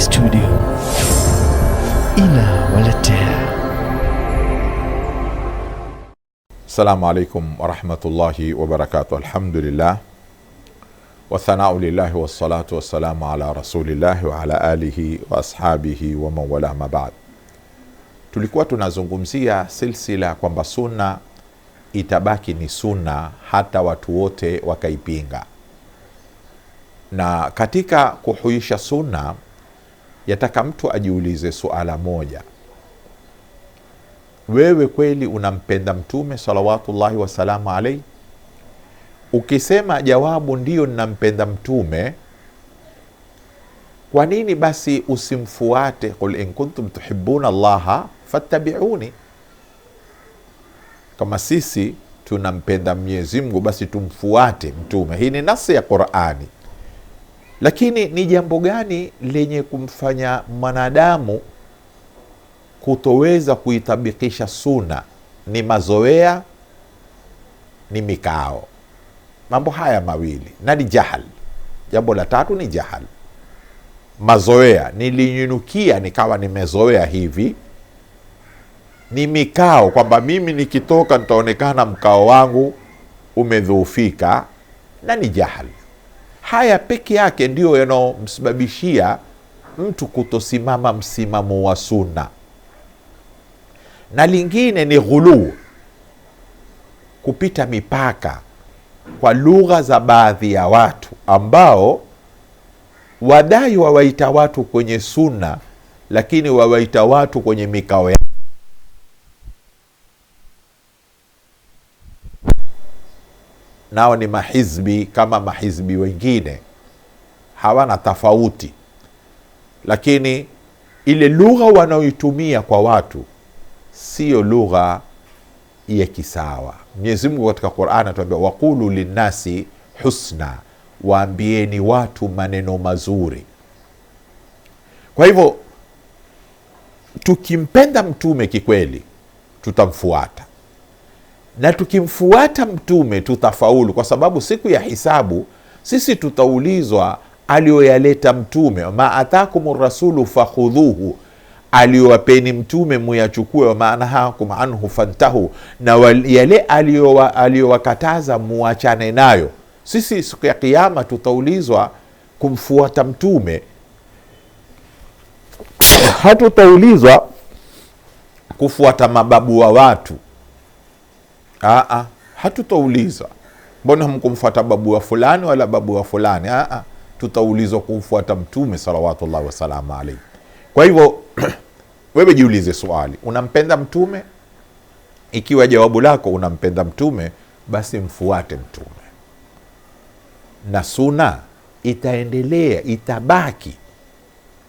Studio inawaletea. Assalamu alaikum warahmatullahi wabarakatu Alhamdulillah wathanau lillahi wassalatu wassalamu ala rasulillahi wa ala alihi wa ashabihi wa mawala mabad. Tulikuwa tunazungumzia silsila kwamba sunna itabaki ni sunna hata watu wote wakaipinga, na katika kuhuisha sunna yataka mtu ajiulize suala moja, wewe kweli unampenda Mtume salawatullahi wasalamu alaihi? Ukisema jawabu ndiyo, ninampenda Mtume, kwa nini basi usimfuate? Qul in kuntum tuhibuna llaha fattabiuni, kama sisi tunampenda Mwenyezi basi tumfuate Mtume. Hii ni nasi ya Qurani. Lakini ni jambo gani lenye kumfanya mwanadamu kutoweza kuitabikisha suna? Ni mazoea, ni mikao, mambo haya mawili, na ni jahal. Jambo la tatu ni jahal, mazoea, nilinyunukia nikawa nimezoea hivi ni mikao kwamba mimi nikitoka nitaonekana mkao wangu umedhoofika, na ni jahali. Haya peke yake ndiyo yanaomsababishia mtu kutosimama msimamo wa sunna, na lingine ni ghuluu, kupita mipaka kwa lugha za baadhi ya watu ambao wadai wawaita watu kwenye sunna, lakini wawaita watu kwenye mikao nao ni mahizbi kama mahizbi wengine, hawana tofauti, lakini ile lugha wanaoitumia kwa watu siyo lugha ya kisawa. Mwenyezi Mungu katika Qur'an anatuambia waqulu linnasi husna, waambieni watu maneno mazuri. Kwa hivyo tukimpenda mtume kikweli, tutamfuata na tukimfuata mtume tutafaulu, kwa sababu siku ya hisabu sisi tutaulizwa aliyoyaleta mtume, ma atakum rasulu fakhudhuhu, aliyowapeni mtume muyachukue, wamanahakum anhu fantahu, na yale aliyowakataza muachane nayo. Sisi siku ya Kiama tutaulizwa kumfuata mtume, hatutaulizwa kufuata mababu wa watu. Aa, ah, ah. hatutauliza mbona hamkumfuata babu wa fulani wala babu wa fulani. Aa, ah, tutaulizwa kumfuata Mtume salawatullahi wasalamu alaihi. Kwa hivyo wewe jiulize swali, unampenda Mtume? Ikiwa jawabu lako unampenda Mtume, basi mfuate Mtume na suna itaendelea, itabaki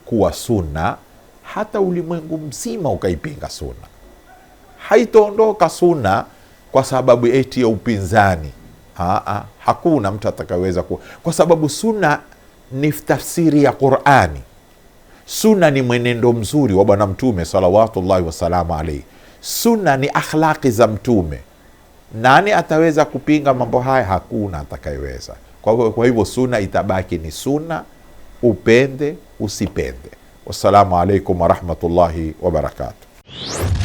kuwa suna hata ulimwengu mzima ukaipinga suna, haitoondoka suna kwa sababu eti ya upinzani. Ha, ha, hakuna mtu atakaweza ku, kwa sababu suna ni tafsiri ya Qurani. suna ni mwenendo mzuri wa Bwana Mtume salawatullahi wasalamu alaihi. suna ni akhlaqi za Mtume. Nani ataweza kupinga mambo haya? Hakuna atakayeweza. Kwa, kwa hivyo suna itabaki ni suna upende usipende. Wassalamu alaikum warahmatullahi wabarakatuh.